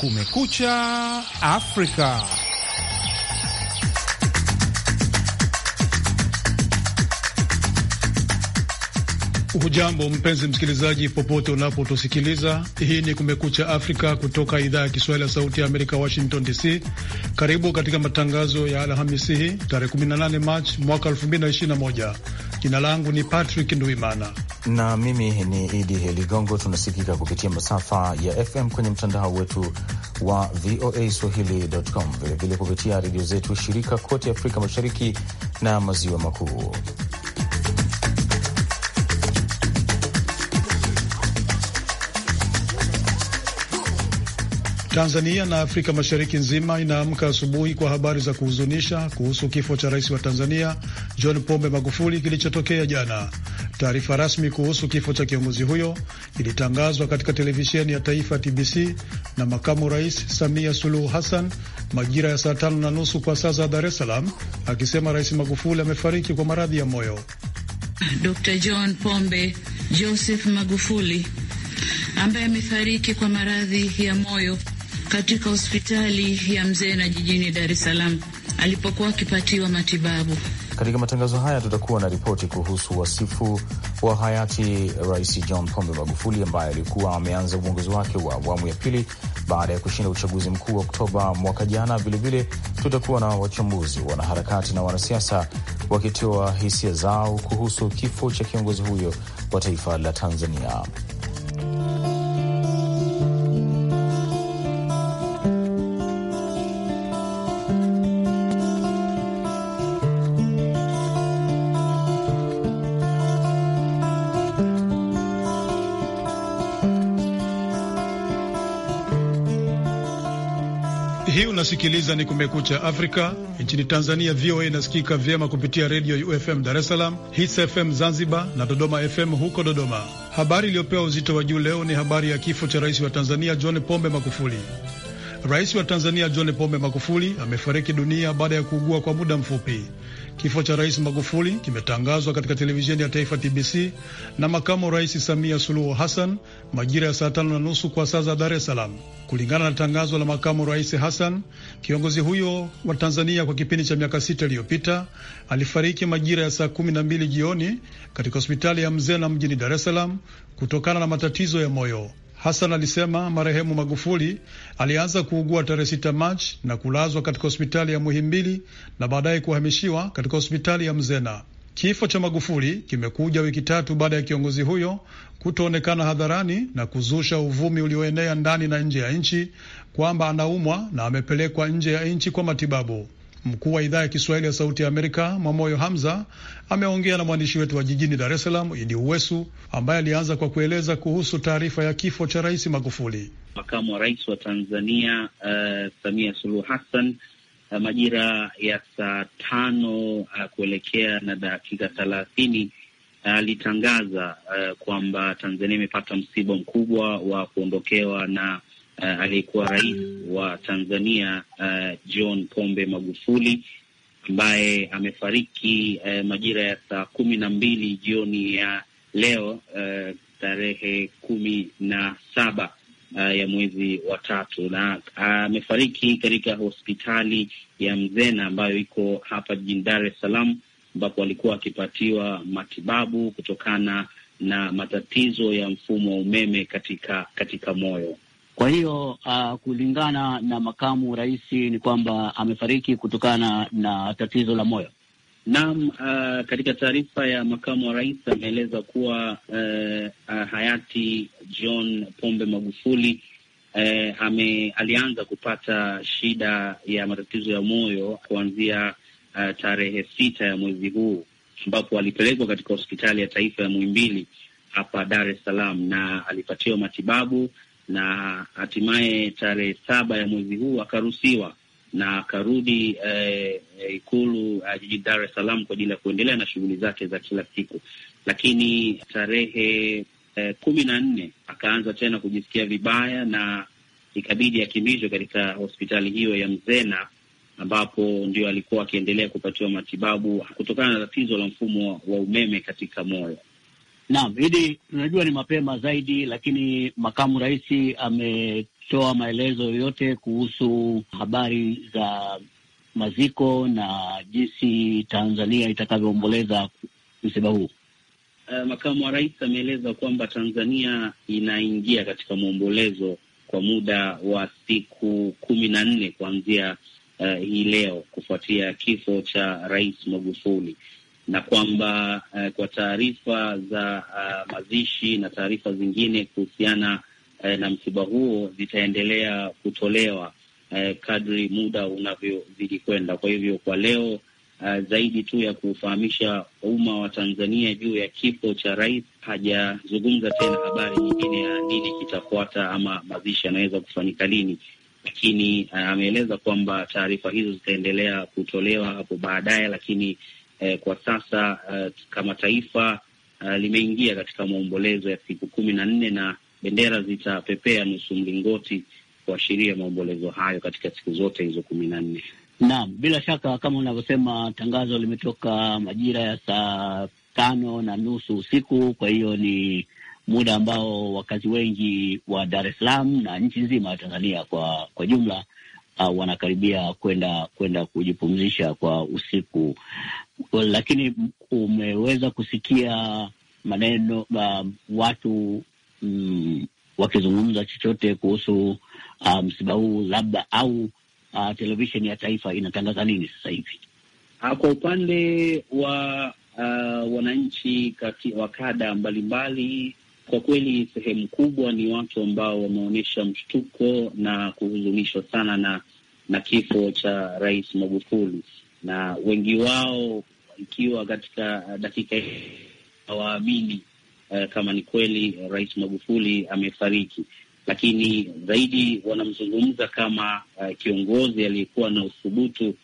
Kumekucha Afrika. Hujambo mpenzi msikilizaji, popote unapotusikiliza. Hii ni Kumekucha Afrika kutoka idhaa ya Kiswahili ya Sauti ya Amerika, Washington DC. Karibu katika matangazo ya Alhamisi hii tarehe 18 Machi mwaka 2021. Jina langu ni Patrick Nduimana na mimi ni Idi Ligongo. Tunasikika kupitia masafa ya FM kwenye mtandao wetu wa VOA Swahili.com, vilevile kupitia redio zetu shirika kote Afrika Mashariki na Maziwa Makuu. Tanzania na Afrika Mashariki nzima inaamka asubuhi kwa habari za kuhuzunisha kuhusu kifo cha rais wa Tanzania John Pombe Magufuli kilichotokea jana. Taarifa rasmi kuhusu kifo cha kiongozi huyo ilitangazwa katika televisheni ya taifa TBC na makamu rais Samia Suluhu Hassan majira ya saa tano na nusu kwa saa za Dar es Salaam, akisema Rais Magufuli amefariki kwa maradhi ya moyo. Dr. John Pombe Joseph Magufuli ambaye amefariki kwa maradhi ya moyo katika hospitali ya mzee na jijini Dar es Salaam alipokuwa akipatiwa matibabu. Katika matangazo haya tutakuwa na ripoti kuhusu wasifu wa hayati Rais John Pombe Magufuli ambaye alikuwa ameanza uongozi wake wa awamu ya pili baada ya kushinda uchaguzi mkuu wa Oktoba mwaka jana. Vilevile tutakuwa na wachambuzi, wanaharakati na wanasiasa wakitoa hisia zao kuhusu kifo cha kiongozi huyo wa taifa la Tanzania. hii unasikiliza ni Kumekucha Afrika. Nchini Tanzania, VOA inasikika vyema kupitia redio UFM Dar es Salaam, Hits FM Zanzibar na Dodoma FM huko Dodoma. Habari iliyopewa uzito wa juu leo ni habari ya kifo cha rais wa Tanzania John Pombe Magufuli. Rais wa Tanzania John Pombe Magufuli amefariki dunia baada ya kuugua kwa muda mfupi. Kifo cha Rais Magufuli kimetangazwa katika televisheni ya taifa TBC na makamu Rais Samia Suluhu Hassan majira ya saa tano na nusu kwa saa za Dar es Salaam. Kulingana na tangazo la makamu Rais Hassan, kiongozi huyo wa Tanzania kwa kipindi cha miaka sita iliyopita alifariki majira ya saa kumi na mbili jioni katika hospitali ya Mzena mjini Dar es Salaam kutokana na matatizo ya moyo. Hassan alisema marehemu Magufuli alianza kuugua tarehe 6 Machi na kulazwa katika hospitali ya Muhimbili na baadaye kuhamishiwa katika hospitali ya Mzena. Kifo cha Magufuli kimekuja wiki tatu baada ya kiongozi huyo kutoonekana hadharani na kuzusha uvumi ulioenea ndani na nje ya nchi kwamba anaumwa na amepelekwa nje ya nchi kwa matibabu. Mkuu wa idhaa ya Kiswahili ya Sauti ya Amerika Mwamoyo Hamza ameongea na mwandishi wetu wa jijini Dar es Salaam Idi Uwesu ambaye alianza kwa kueleza kuhusu taarifa ya kifo cha Rais Magufuli. Makamu wa rais wa Tanzania uh, Samia Suluhu Hassan uh, majira ya saa tano uh, kuelekea na dakika thelathini alitangaza uh, uh, kwamba Tanzania imepata msiba mkubwa wa kuondokewa na uh, aliyekuwa rais wa Tanzania uh, John Pombe Magufuli ambaye amefariki uh, majira ya saa kumi na mbili jioni ya leo uh, tarehe kumi na saba uh, ya mwezi wa tatu, na amefariki uh, katika hospitali ya Mzena ambayo iko hapa jijini Dar es Salaam ambapo alikuwa akipatiwa matibabu kutokana na matatizo ya mfumo wa umeme katika katika moyo. Kwa hiyo uh, kulingana na makamu rais ni kwamba amefariki kutokana na tatizo la moyo. Naam, uh, katika taarifa ya makamu wa rais ameeleza kuwa uh, uh, hayati John Pombe Magufuli uh, ame, alianza kupata shida ya matatizo ya moyo kuanzia uh, tarehe sita ya mwezi huu ambapo alipelekwa katika hospitali ya taifa ya Muhimbili hapa Dar es Salaam na alipatiwa matibabu na hatimaye tarehe saba ya mwezi huu akaruhusiwa na akarudi eh, Ikulu eh, jijini Dar es Salaam kwa ajili ya kuendelea na shughuli zake za kila siku, lakini tarehe eh, kumi na nne akaanza tena kujisikia vibaya na ikabidi akimbizwe katika hospitali hiyo ya Mzena ambapo ndio alikuwa akiendelea kupatiwa matibabu kutokana na tatizo la mfumo wa umeme katika moyo. Naam, hili tunajua ni mapema zaidi, lakini makamu rais ametoa maelezo yoyote kuhusu habari za maziko na jinsi Tanzania itakavyoomboleza msiba huu. Uh, makamu wa rais ameeleza kwamba Tanzania inaingia katika maombolezo kwa muda wa siku kumi na nne kuanzia uh, hii leo kufuatia kifo cha Rais Magufuli na kwamba uh, kwa taarifa za uh, mazishi na taarifa zingine kuhusiana uh, na msiba huo zitaendelea kutolewa uh, kadri muda unavyozidi kwenda. Kwa hivyo kwa leo uh, zaidi tu ya kufahamisha umma wa Tanzania juu ya kifo cha rais, hajazungumza tena habari nyingine ya nini kitafuata ama mazishi yanaweza kufanyika lini, lakini uh, ameeleza kwamba taarifa hizo zitaendelea kutolewa hapo baadaye, lakini eh, kwa sasa eh, kama taifa eh, limeingia katika maombolezo ya siku kumi na nne na bendera zitapepea nusu mlingoti kuashiria maombolezo hayo katika siku zote hizo kumi na nne. Naam, bila shaka kama unavyosema, tangazo limetoka majira ya saa tano na nusu usiku. Kwa hiyo ni muda ambao wakazi wengi wa Dar es Salaam na nchi nzima ya Tanzania kwa kwa jumla uh, wanakaribia kwenda kwenda kujipumzisha kwa usiku lakini umeweza kusikia maneno uh, watu mm, wakizungumza chochote kuhusu ah, msiba um, huu labda au uh, televisheni ya taifa inatangaza nini sasa hivi? Ah, kwa upande wa uh, wananchi wa kada mbalimbali, kwa kweli sehemu kubwa ni watu ambao wameonyesha mshtuko na kuhuzunishwa sana na na kifo cha Rais Magufuli na wengi wao ikiwa katika uh, dakika hii hawaamini uh, kama ni kweli uh, Rais Magufuli amefariki, lakini zaidi wanamzungumza kama uh, kiongozi aliyekuwa na uthubutu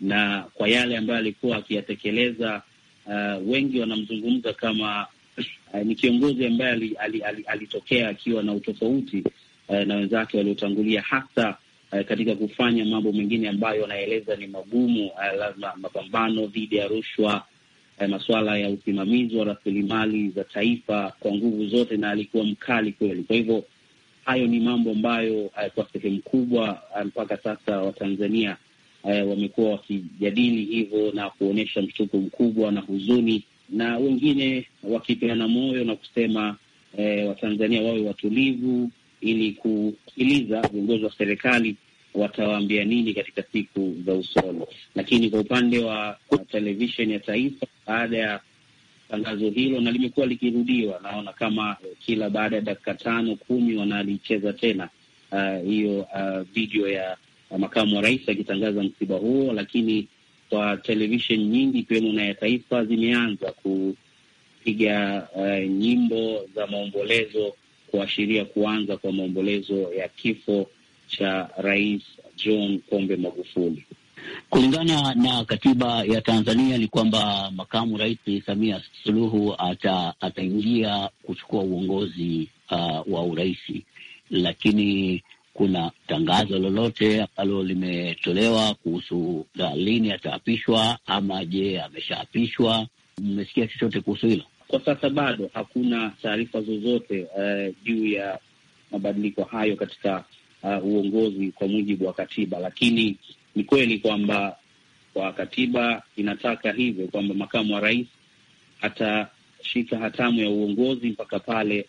na kwa yale ambayo alikuwa akiyatekeleza. Uh, wengi wanamzungumza kama uh, ni kiongozi ambaye alitokea ali, ali, ali akiwa na utofauti uh, na wenzake waliotangulia hasa uh, katika kufanya mambo mengine ambayo anaeleza ni magumu uh, eh, lazima mapambano dhidi ya rushwa uh, masuala ya usimamizi wa rasilimali za taifa kwa nguvu zote, na alikuwa mkali kweli. Kwa hivyo hayo ni mambo ambayo uh, kwa sehemu kubwa mpaka sasa Watanzania uh, wamekuwa wakijadili hivyo na kuonyesha mshtuko mkubwa na huzuni, na wengine wakipeana moyo na kusema E, Watanzania wawe watulivu ili kusikiliza viongozi wa serikali watawaambia nini katika siku za usoni. Lakini kwa upande wa televisheni ya taifa, baada ya tangazo hilo, na limekuwa likirudiwa, naona kama kila baada ya dakika tano kumi wanalicheza tena uh, hiyo uh, uh, video ya uh, makamu wa rais akitangaza msiba huo, lakini kwa televisheni nyingi ikiwemo na ya taifa zimeanza kupiga uh, nyimbo za maombolezo kuashiria kuanza kwa maombolezo ya kifo cha Rais John Pombe Magufuli. Kulingana na katiba ya Tanzania ni kwamba makamu rais Samia Suluhu ataingia ata kuchukua uongozi uh, wa uraisi, lakini kuna tangazo lolote ambalo limetolewa kuhusu uh, lini ataapishwa ama je, ameshaapishwa? Mmesikia chochote kuhusu hilo? Kwa sasa bado hakuna taarifa zozote uh, juu ya mabadiliko hayo katika uh, uongozi kwa mujibu wa katiba, lakini ni kweli kwamba kwa katiba inataka hivyo kwamba makamu wa rais atashika hatamu ya uongozi mpaka pale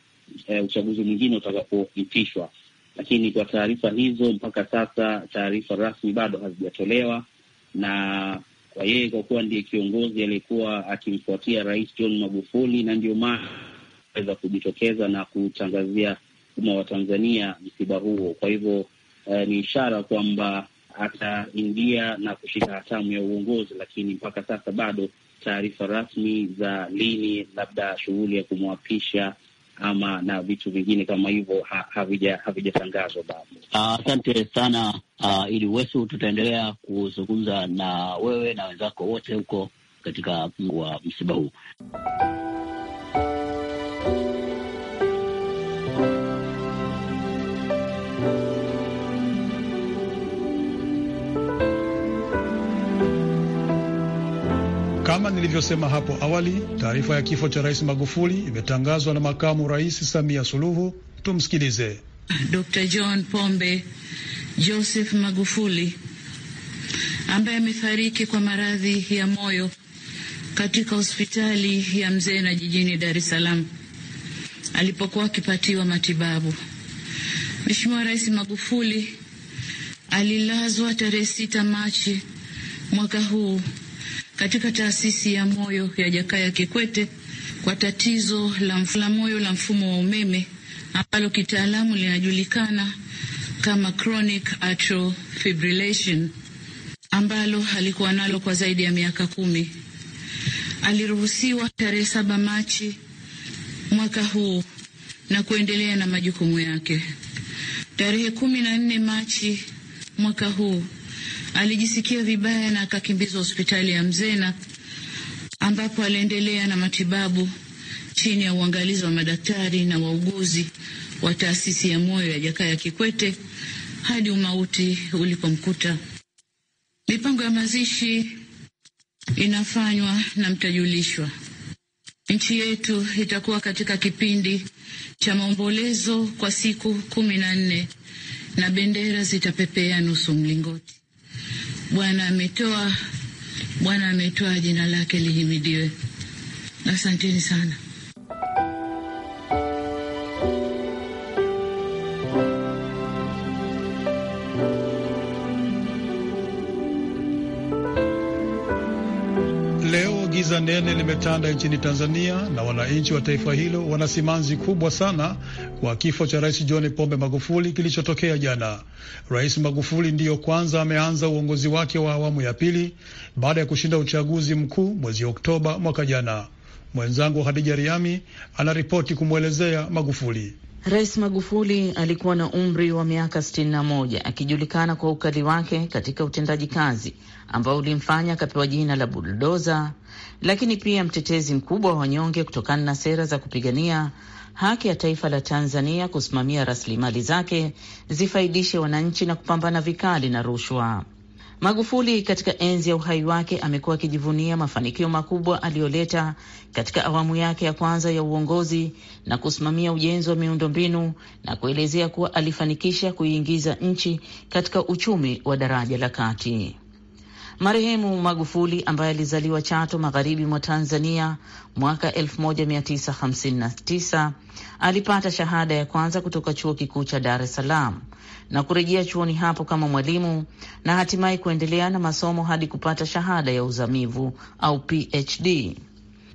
uh, uchaguzi mwingine utakapoitishwa, lakini kwa taarifa hizo mpaka sasa taarifa rasmi bado hazijatolewa na kwa yeye kwa kuwa ndiye kiongozi aliyekuwa akimfuatia Rais John Magufuli, na ndio maana weza kujitokeza na kutangazia umma wa Tanzania msiba huo. Kwa hivyo eh, ni ishara kwamba ataingia na kushika hatamu ya uongozi, lakini mpaka sasa bado taarifa rasmi za lini labda shughuli ya kumwapisha ama na vitu vingine kama hivyo havijatangazwa bado. Ah, asante uh, sana uh, ah, ili Wesu, tutaendelea kuzungumza na wewe na wenzako wote huko katika wa msiba huu. Kama nilivyosema hapo awali, taarifa ya kifo cha Rais Magufuli imetangazwa na Makamu Rais Samia Suluhu. Tumsikilize. Dr. John Pombe Joseph Magufuli ambaye amefariki kwa maradhi ya moyo katika hospitali ya mzee na jijini Dar es Salaam alipokuwa akipatiwa matibabu. Mheshimiwa Rais Magufuli alilazwa tarehe sita Machi mwaka huu katika taasisi ya moyo ya Jakaya Kikwete kwa tatizo la moyo la mfumo wa umeme ambalo kitaalamu linajulikana kama chronic atrial fibrillation ambalo alikuwa nalo kwa zaidi ya miaka kumi. Aliruhusiwa tarehe saba Machi mwaka huu na kuendelea na majukumu yake. Tarehe kumi na nne Machi mwaka huu alijisikia vibaya na akakimbizwa hospitali ya Mzena ambapo aliendelea na matibabu chini ya uangalizi wa madaktari na wauguzi wa taasisi ya moyo ya Jakaya Kikwete hadi umauti ulipomkuta. Mipango ya mazishi inafanywa na mtajulishwa. Nchi yetu itakuwa katika kipindi cha maombolezo kwa siku kumi na nne na bendera zitapepea nusu mlingoti. Bwana ametoa, Bwana ametoa, jina lake lihimidiwe. Asanteni sana. limetanda nchini Tanzania na wananchi wa taifa hilo wana simanzi kubwa sana kwa kifo cha Rais John Pombe Magufuli kilichotokea jana. Rais Magufuli ndiyo kwanza ameanza uongozi wake wa awamu ya pili baada ya kushinda uchaguzi mkuu mwezi Oktoba mwaka jana. Mwenzangu Hadija Riami anaripoti kumwelezea Magufuli. Rais Magufuli alikuwa na umri wa miaka 61 akijulikana kwa ukali wake katika utendaji kazi ambao ulimfanya akapewa jina la buldoza, lakini pia mtetezi mkubwa wa wanyonge kutokana na sera za kupigania haki ya taifa la Tanzania kusimamia rasilimali zake zifaidishe wananchi na kupambana vikali na rushwa. Magufuli katika enzi ya uhai wake amekuwa akijivunia mafanikio makubwa aliyoleta katika awamu yake ya kwanza ya uongozi na kusimamia ujenzi wa miundombinu na kuelezea kuwa alifanikisha kuiingiza nchi katika uchumi wa daraja la kati. Marehemu Magufuli ambaye alizaliwa Chato, magharibi mwa Tanzania, mwaka 1959 alipata shahada ya kwanza kutoka chuo kikuu cha Dar es Salaam na kurejea chuoni hapo kama mwalimu na hatimaye kuendelea na masomo hadi kupata shahada ya uzamivu au PhD.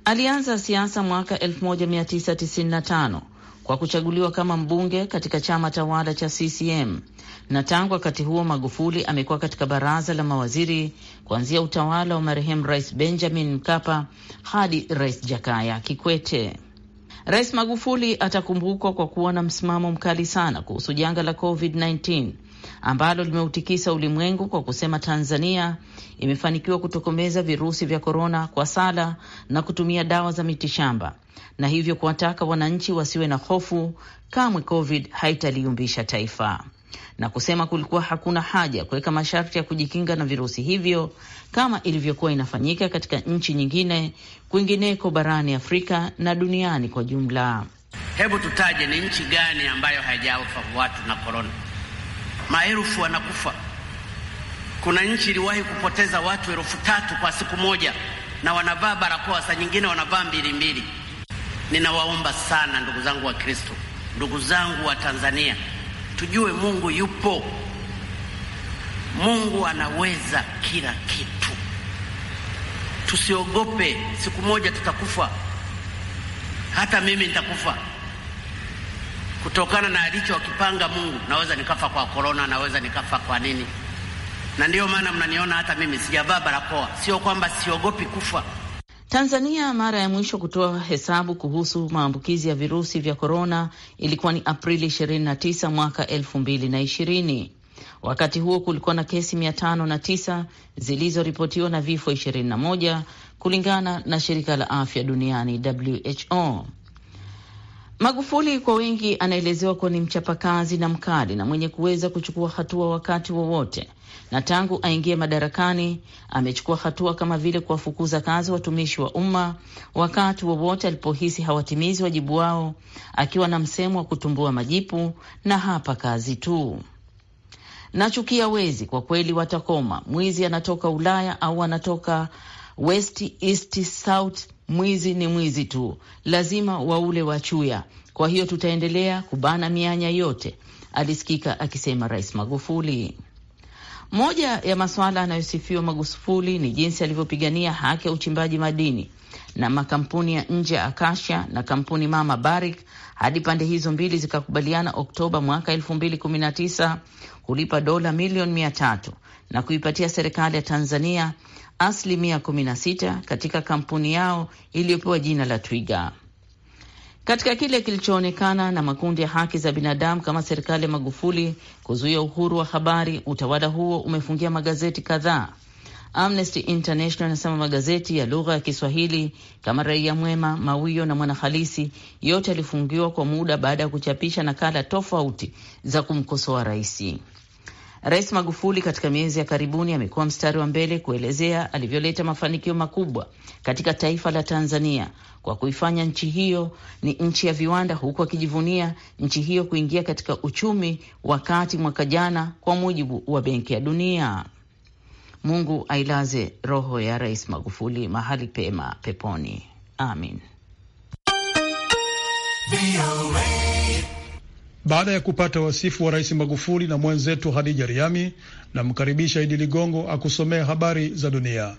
Alianza siasa mwaka 1995 kwa kuchaguliwa kama mbunge katika chama tawala cha CCM na tangu wakati huo Magufuli amekuwa katika baraza la mawaziri kuanzia utawala wa marehemu Rais Benjamin Mkapa hadi Rais Jakaya Kikwete. Rais Magufuli atakumbukwa kwa kuwa na msimamo mkali sana kuhusu janga la COVID-19 ambalo limeutikisa ulimwengu kwa kusema Tanzania imefanikiwa kutokomeza virusi vya korona kwa sala na kutumia dawa za mitishamba, na hivyo kuwataka wananchi wasiwe na hofu kamwe. COVID haitaliumbisha taifa na kusema kulikuwa hakuna haja ya kuweka masharti ya kujikinga na virusi hivyo kama ilivyokuwa inafanyika katika nchi nyingine kwingineko barani Afrika na duniani kwa jumla. Hebu tutaje ni nchi gani ambayo haijaofa watu na korona? Maelfu wanakufa. Kuna nchi iliwahi kupoteza watu elfu tatu kwa siku moja, na wanavaa barakoa, saa nyingine wanavaa mbili mbili. Ninawaomba sana ndugu zangu wa Kristo, ndugu zangu wa Tanzania tujue Mungu yupo, Mungu anaweza kila kitu. Tusiogope, siku moja tutakufa, hata mimi nitakufa kutokana na alicho wakipanga Mungu. Naweza nikafa kwa korona, naweza nikafa kwa nini, na ndiyo maana mnaniona hata mimi sijavaa barakoa. Sio kwamba siogopi kufa. Tanzania mara ya mwisho kutoa hesabu kuhusu maambukizi ya virusi vya korona ilikuwa ni Aprili 29 mwaka 2020. Wakati huo kulikuwa na kesi 509 zilizoripotiwa na vifo 21 kulingana na shirika la afya duniani WHO. Magufuli kwa wengi anaelezewa kuwa ni mchapakazi na mkali na mwenye kuweza kuchukua hatua wakati wowote wa na tangu aingie madarakani amechukua hatua kama vile kuwafukuza kazi watumishi wa umma wakati wowote wa alipohisi hawatimizi wajibu wao, akiwa na msemo wa kutumbua majipu na hapa kazi tu. Nachukia wezi, kwa kweli watakoma. Mwizi anatoka Ulaya au anatoka West East South Mwizi ni mwizi tu, lazima waule wachuya. Kwa hiyo tutaendelea kubana mianya yote, alisikika akisema Rais Magufuli. Moja ya masuala anayosifiwa Magufuli ni jinsi alivyopigania haki ya uchimbaji madini na makampuni ya nje ya Akasha na kampuni mama Barik hadi pande hizo mbili zikakubaliana Oktoba mwaka elfu mbili kumi na tisa kulipa dola milioni mia tatu na kuipatia serikali ya Tanzania asilimia 16 katika kampuni yao iliyopewa jina la Twiga. Katika kile kilichoonekana na makundi ya haki za binadamu kama serikali ya Magufuli kuzuia uhuru wa habari, utawala huo umefungia magazeti kadhaa. Amnesty International anasema magazeti ya lugha ya Kiswahili kama Raia Mwema, Mawio na Mwanahalisi yote yalifungiwa kwa muda baada ya kuchapisha nakala tofauti za kumkosoa raisi. Rais Magufuli katika miezi ya karibuni amekuwa mstari wa mbele kuelezea alivyoleta mafanikio makubwa katika taifa la Tanzania kwa kuifanya nchi hiyo ni nchi ya viwanda, huku akijivunia nchi hiyo kuingia katika uchumi wa kati mwaka jana, kwa mujibu wa Benki ya Dunia. Mungu ailaze roho ya Rais Magufuli mahali pema peponi, amin. Baada ya kupata wasifu wa Rais Magufuli na mwenzetu Hadija Riami, namkaribisha Idi Ligongo akusomea habari za dunia.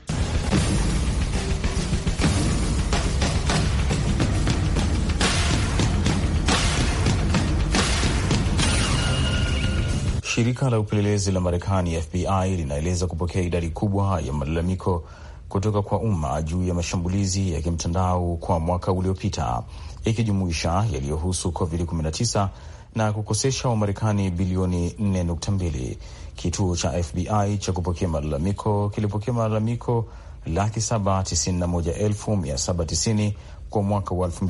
Shirika la upelelezi la Marekani FBI linaeleza kupokea idadi kubwa ya malalamiko kutoka kwa umma juu ya mashambulizi ya kimtandao kwa mwaka uliopita, ikijumuisha yaliyohusu COVID-19 na kukosesha Wamarekani bilioni 4.2. Kituo cha FBI cha kupokea malalamiko kilipokea malalamiko laki 791790 kwa mwaka wa elfu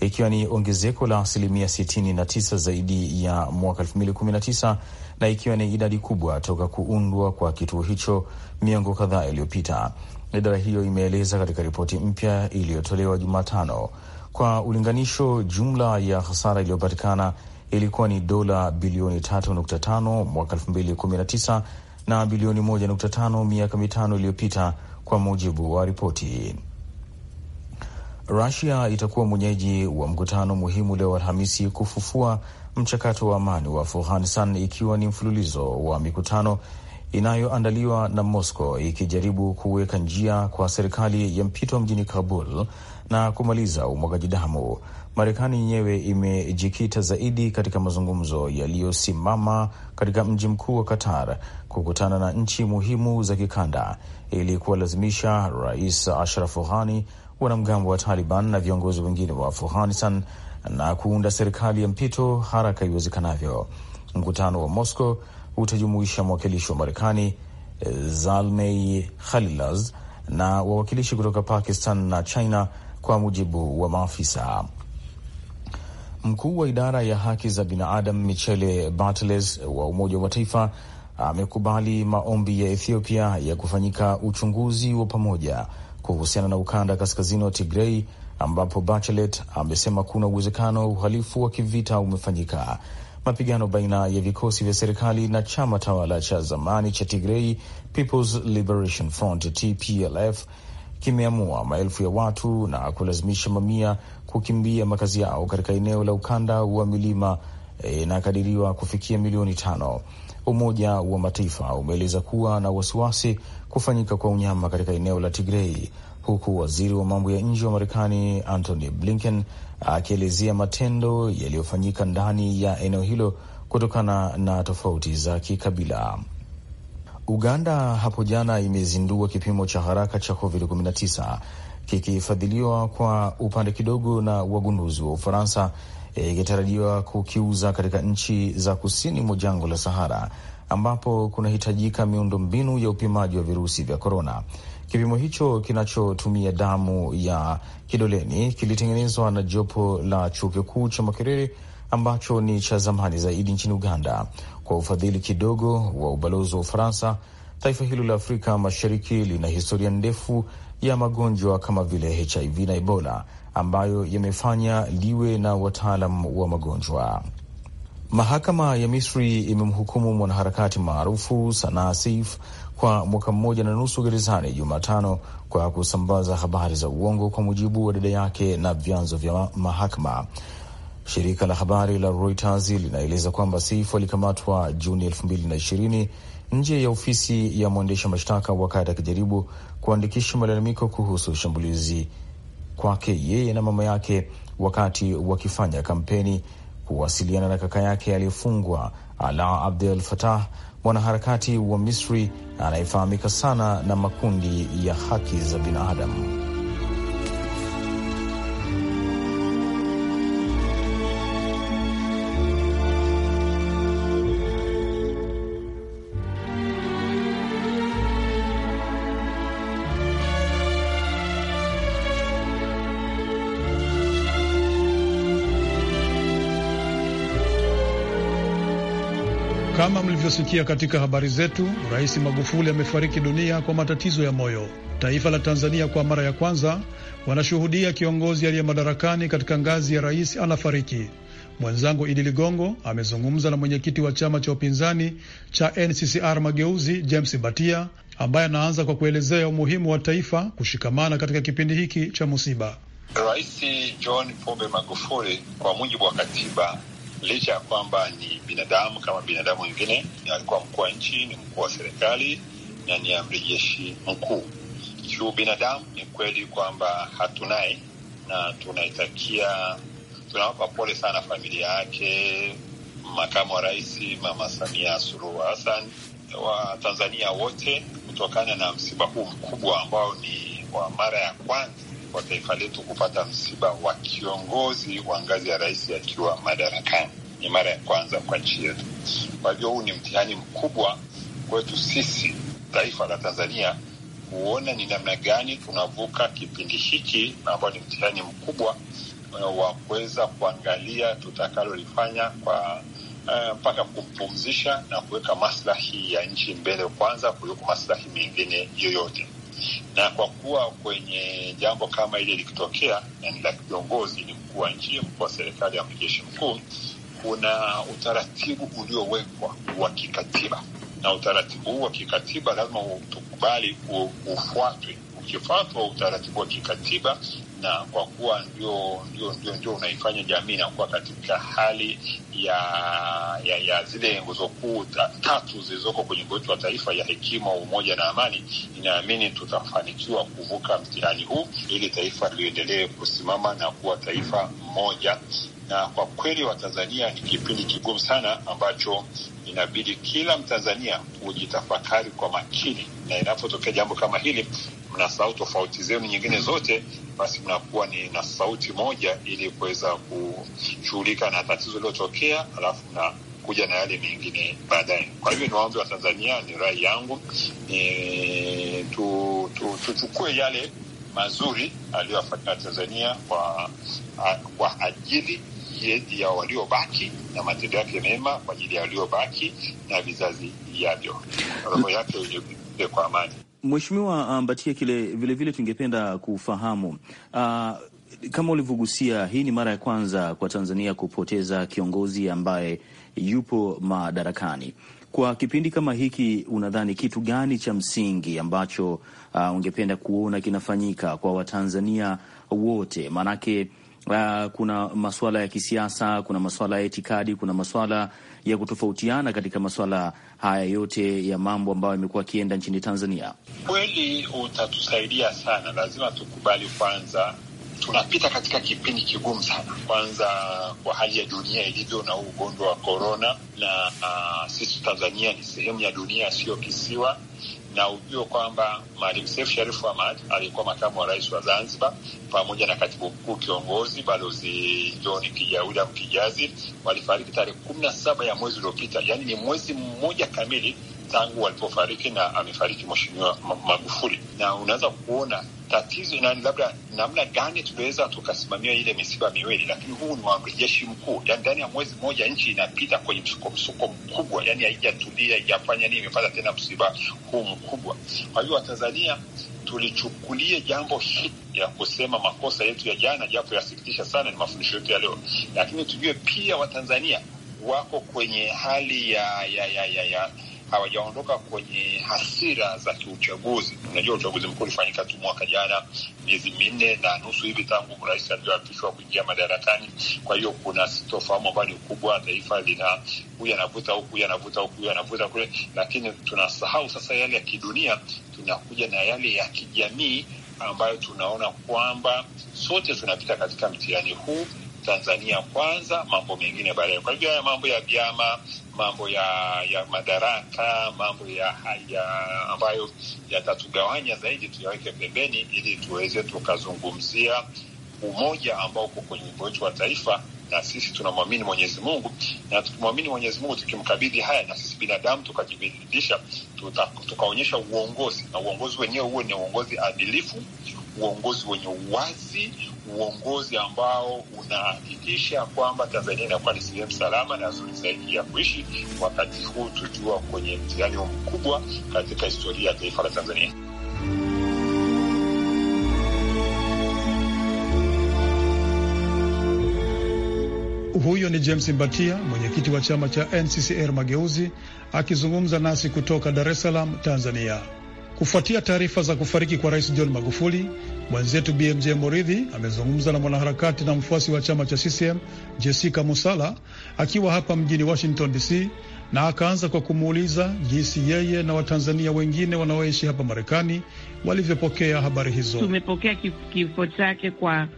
ikiwa ni ongezeko la asilimia 69 zaidi ya mwaka 219 na na ikiwa ni idadi kubwa toka kuundwa kwa kituo hicho miongo kadhaa iliyopita. Idara hiyo imeeleza katika ripoti mpya iliyotolewa Jumatano kwa ulinganisho, jumla ya hasara iliyopatikana ilikuwa ni dola bilioni 3.5 mwaka 2019 na bilioni 1.5 miaka mitano iliyopita, kwa mujibu wa ripoti. Rusia itakuwa mwenyeji wa mkutano muhimu leo Alhamisi kufufua mchakato wa amani wa Afghanistan, ikiwa ni mfululizo wa mikutano inayoandaliwa na Moscow ikijaribu kuweka njia kwa serikali ya mpito mjini Kabul na kumaliza umwagaji damu. Marekani yenyewe imejikita zaidi katika mazungumzo yaliyosimama katika mji mkuu wa Qatar kukutana na nchi muhimu za kikanda ili kuwalazimisha Rais Ashraf Ghani, wanamgambo wa Taliban na viongozi wengine wa Afghanistan na kuunda serikali ya mpito haraka iwezekanavyo. Mkutano wa Moscow utajumuisha mwakilishi wa Marekani eh, Zalmay khalilas na wawakilishi kutoka Pakistan na China, kwa mujibu wa maafisa. Mkuu wa idara ya haki za binadamu Michele Bachelet wa Umoja wa Mataifa amekubali maombi ya Ethiopia ya kufanyika uchunguzi wa pamoja kuhusiana na ukanda kaskazini wa Tigrei, ambapo Bachelet amesema kuna uwezekano uhalifu wa kivita umefanyika mapigano baina ya vikosi vya serikali na chama tawala cha zamani cha Tigrei Peoples Liberation Front TPLF kimeamua maelfu ya watu na kulazimisha mamia kukimbia makazi yao katika eneo la ukanda wa milima e, inakadiriwa e, kufikia milioni tano. Umoja wa Mataifa umeeleza kuwa na wasiwasi kufanyika kwa unyama katika eneo la Tigrei, huku waziri wa mambo ya nje wa Marekani Antony Blinken akielezea matendo yaliyofanyika ndani ya eneo hilo kutokana na tofauti za kikabila. Uganda hapo jana imezindua kipimo cha haraka cha COVID-19 kikifadhiliwa kwa upande kidogo na wagunduzi wa Ufaransa, ikitarajiwa e, kukiuza katika nchi za kusini mwa jangwa la Sahara ambapo kunahitajika miundo mbinu ya upimaji wa virusi vya korona. Kipimo hicho kinachotumia damu ya kidoleni kilitengenezwa na jopo la chuo kikuu cha Makerere ambacho ni cha zamani zaidi nchini Uganda kwa ufadhili kidogo wa ubalozi wa Ufaransa. Taifa hilo la Afrika Mashariki lina historia ndefu ya magonjwa kama vile HIV na Ebola ambayo yamefanya liwe na wataalam wa magonjwa. Mahakama ya Misri imemhukumu mwanaharakati maarufu Sanaa Seif kwa mwaka mmoja na nusu gerezani Jumatano kwa kusambaza habari za uongo, kwa mujibu wa dada yake na vyanzo vya mahakama. Shirika la habari la Reuters linaeleza kwamba Seif alikamatwa Juni 2020 nje ya ofisi ya mwendesha mashtaka wakati akijaribu kuandikisha malalamiko kuhusu shambulizi kwake yeye na mama yake wakati wakifanya kampeni kuwasiliana na kaka yake aliyefungwa Ala Abdel fatah mwanaharakati wa Misri anayefahamika sana na makundi ya haki za binadamu. Ulivyosikia katika habari zetu, Rais Magufuli amefariki dunia kwa matatizo ya moyo. Taifa la Tanzania kwa mara ya kwanza wanashuhudia kiongozi aliye madarakani katika ngazi ya rais anafariki. Mwenzangu Idi Ligongo amezungumza na mwenyekiti wa chama cha upinzani cha NCCR Mageuzi, James Batia, ambaye anaanza kwa kuelezea umuhimu wa taifa kushikamana katika kipindi hiki cha musiba. Rais John Pombe Magufuli, kwa mujibu wa katiba licha ya kwamba ni binadamu kama binadamu wengine. Alikuwa mkuu wa nchi, ni mkuu wa serikali na ni amri jeshi mkuu. juu binadamu ni kweli kwamba hatunaye, na tunaitakia tunawapa pole sana familia yake, makamu wa rais Mama Samia Suluhu Hassan wa Tanzania wote, kutokana na msiba huu mkubwa ambao ni wa mara ya kwanza kwa taifa letu kupata msiba wa kiongozi wa ngazi ya rais akiwa madarakani. Ni mara ya kwanza kwa nchi yetu. Kwa hivyo huu ni mtihani mkubwa kwetu sisi taifa la Tanzania kuona ni namna gani tunavuka kipindi hiki ambao ni mtihani mkubwa eh, wa kuweza kuangalia tutakalolifanya kwa eh, mpaka uh, kumpumzisha na kuweka maslahi ya nchi mbele kwanza kuliko maslahi mengine yoyote na kwa kuwa kwenye jambo kama ile likitokea ni la kiongozi, ni mkuu wa nchi, mkuu wa serikali, ya mjeshi mkuu, kuna utaratibu uliowekwa wa kikatiba, na utaratibu huu wa kikatiba lazima tukubali ufuatwe. Ukifuatwa utaratibu wa kikatiba na kwa kuwa ndio ndio ndio ndio unaifanya jamii inakuwa katika hali ya ya, ya zile nguzo kuu tatu zilizoko kwenye gotu wa taifa ya hekima, umoja na amani, inaamini tutafanikiwa kuvuka mtihani huu ili taifa liendelee kusimama na kuwa taifa moja na kwa kweli Watanzania, ni kipindi kigumu sana ambacho inabidi kila Mtanzania hujitafakari kwa makini, na inapotokea jambo kama hili, mna sauti tofauti zenu nyingine zote, basi mnakuwa ni na sauti moja ili kuweza kushughulika na tatizo lililotokea, alafu na kuja na yale mengine baadaye. Kwa hivyo ni wa Tanzania, ni rai yangu e, tu, tu, tu yale mazuri aliyoyafanya Tanzania kwa, kwa ajili enzi ya waliobaki na matendo yake mema kwa ajili ya waliobaki na vizazi vijavyo. Roho yake ijuie kwa amani. Mheshimiwa ah, Mbatia, um, kile vilevile tungependa kufahamu uh, kama ulivyogusia, hii ni mara ya kwanza kwa Tanzania kupoteza kiongozi ambaye yupo madarakani kwa kipindi kama hiki. Unadhani kitu gani cha msingi ambacho uh, ungependa kuona kinafanyika kwa Watanzania wote? Maanake Uh, kuna masuala ya kisiasa, kuna masuala ya itikadi, kuna masuala ya kutofautiana katika masuala haya yote ya mambo ambayo yamekuwa akienda nchini Tanzania. Kweli utatusaidia sana, lazima tukubali kwanza tunapita katika kipindi kigumu sana, kwanza kwa hali ya dunia ilivyo na huu ugonjwa wa korona, na uh, sisi Tanzania ni sehemu ya dunia, siyo kisiwa na ujue kwamba Maalim Seif Sharif Hamad aliyekuwa makamu wa rais wa Zanzibar pamoja na katibu mkuu kiongozi balozi John Kija William walifariki tarehe kumi na saba ya mwezi uliopita, yaani ni mwezi mmoja kamili tangu walipofariki na amefariki Mheshimiwa Magufuli, na unaweza kuona tatizo nani, labda namna gani tunaweza tukasimamia ile misiba miwili, lakini huu ni jeshi mkuu. Yani ndani ya mwezi mmoja nchi inapita kwenye msuko msuko mkubwa, yani haijatulia, haijafanya nini, imepata tena msiba huu mkubwa. Kwa hiyo Watanzania tulichukulie jambo hili ya kusema makosa yetu ya jana, japo yasikitisha sana, ni mafundisho yetu ya leo, lakini tujue pia Watanzania wako kwenye hali ya, ya ya ya ya, ya hawajaondoka kwenye hasira za kiuchaguzi. Unajua, uchaguzi mkuu ulifanyika tu mwaka jana, miezi minne na nusu hivi tangu rais alivyoapishwa kuingia madarakani. Kwa hiyo kuna sitofahamu ambayo ni kubwa, taifa lina huyu anavuta huku, huyu anavuta huku, huyu anavuta kule, lakini tunasahau sasa yale ya kidunia, tunakuja na yale ya kijamii ambayo tunaona kwamba sote tunapita katika mtihani huu Tanzania kwanza, mambo mengine baadaye. Kwa hivyo haya mambo ya vyama, mambo ya ya madaraka, mambo ya, haya ambayo yatatugawanya zaidi tuyaweke pembeni, ili tuweze tukazungumzia umoja ambao uko kwenye wimbo wetu wa taifa na sisi tunamwamini Mwenyezi Mungu, na tukimwamini Mwenyezi Mungu tukimkabidhi haya, na sisi binadamu tukajibidisha, tukaonyesha uongozi, na uongozi wenyewe huo ni uongozi adilifu, uongozi wenye uwazi, uongozi ambao unahakikisha kwamba Tanzania inakuwa ni sehemu salama na nzuri zaidi ya kuishi, wakati huu tukiwa kwenye mtihani mkubwa katika historia ya taifa la Tanzania. Huyo ni James Mbatia, mwenyekiti wa chama cha NCCR Mageuzi, akizungumza nasi kutoka Dar es Salaam, Tanzania. Kufuatia taarifa za kufariki kwa Rais John Magufuli, mwenzetu BMJ Moridhi amezungumza na mwanaharakati na mfuasi wa chama cha CCM Jessica Musala akiwa hapa mjini Washington DC, na akaanza kwa kumuuliza jinsi yeye na Watanzania wengine wanaoishi hapa Marekani walivyopokea habari hizo. Tumepokea kifo chake kwa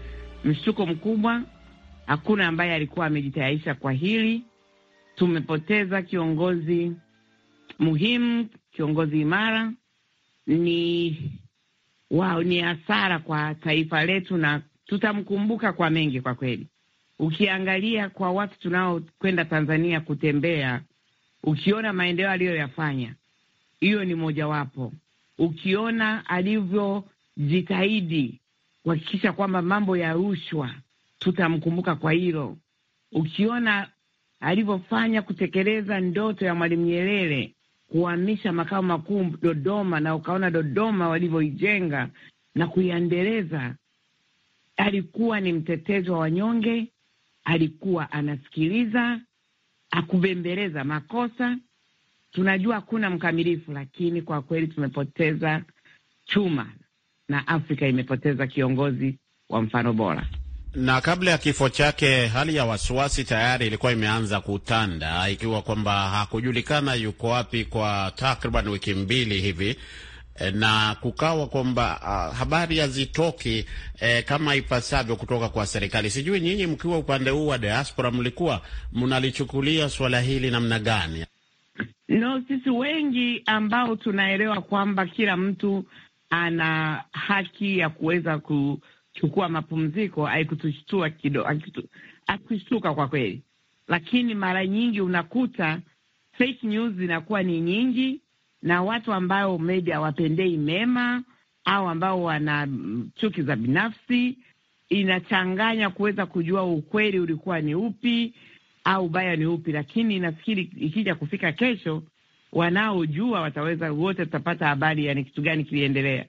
mshtuko mkubwa. Hakuna ambaye alikuwa amejitayarisha kwa hili. Tumepoteza kiongozi muhimu, kiongozi imara ni wao ni hasara kwa taifa letu, na tutamkumbuka kwa mengi kwa kweli. Ukiangalia kwa watu tunaokwenda Tanzania kutembea, ukiona maendeleo aliyoyafanya, hiyo ni mojawapo. Ukiona alivyojitahidi kuhakikisha kwamba mambo ya rushwa, tutamkumbuka kwa hilo. Ukiona alivyofanya kutekeleza ndoto ya Mwalimu Nyerere kuhamisha makao makuu Dodoma, na ukaona Dodoma walivyoijenga na kuiendeleza. Alikuwa ni mtetezi wa wanyonge, alikuwa anasikiliza, akubembeleza makosa. Tunajua hakuna mkamilifu, lakini kwa kweli tumepoteza chuma na Afrika imepoteza kiongozi wa mfano bora. Na kabla ya kifo chake, hali ya wasiwasi tayari ilikuwa imeanza kutanda, ikiwa kwamba hakujulikana yuko wapi kwa takriban wiki mbili hivi eh, na kukawa kwamba uh, habari hazitoki eh, kama ipasavyo kutoka kwa serikali. Sijui nyinyi mkiwa upande huu wa diaspora mlikuwa mnalichukulia suala hili namna gani? No, sisi wengi ambao tunaelewa kwamba kila mtu ana haki ya kuweza ku kuchukua mapumziko haikutushtua kidogo, haikushtuka kwa kweli, lakini mara nyingi unakuta fake news zinakuwa ni nyingi na watu ambao maybe hawapendei mema au ambao wana chuki za binafsi, inachanganya kuweza kujua ukweli ulikuwa ni upi au ubaya ni upi. Lakini nafikiri ikija kufika kesho, wanaojua wataweza wote, tutapata habari yani kitu gani kiliendelea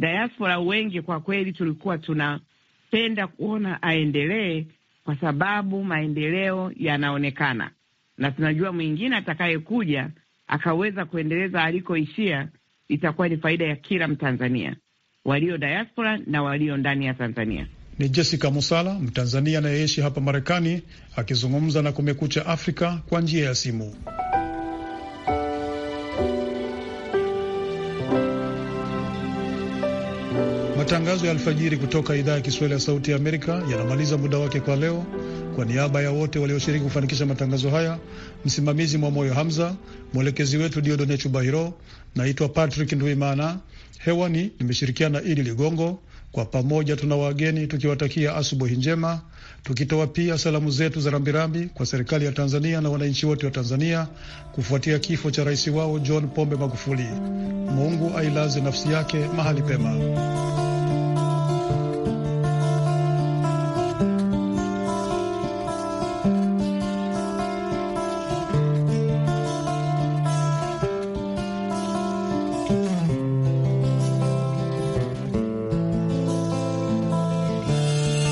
diaspora wengi kwa kweli tulikuwa tunapenda kuona aendelee, kwa sababu maendeleo yanaonekana, na tunajua mwingine atakayekuja akaweza kuendeleza alikoishia, itakuwa ni faida ya kila Mtanzania, walio diaspora na walio ndani ya Tanzania. Ni Jessica Musala, Mtanzania anayeishi hapa Marekani, akizungumza na Kumekucha Afrika kwa njia ya simu. Matangazo ya alfajiri kutoka idhaa ya Kiswahili ya Sauti ya Amerika yanamaliza muda wake kwa leo. Kwa niaba ya wote walioshiriki kufanikisha matangazo haya, msimamizi mwa moyo Hamza, mwelekezi wetu Diodone Chubahiro. Naitwa Patrick Ndwimana, hewani nimeshirikiana na Idi Ligongo. Kwa pamoja tuna wageni tukiwatakia asubuhi njema, tukitoa pia salamu zetu za rambirambi kwa serikali ya Tanzania na wananchi wote wa Tanzania kufuatia kifo cha rais wao John Pombe Magufuli. Mungu ailaze nafsi yake mahali pema.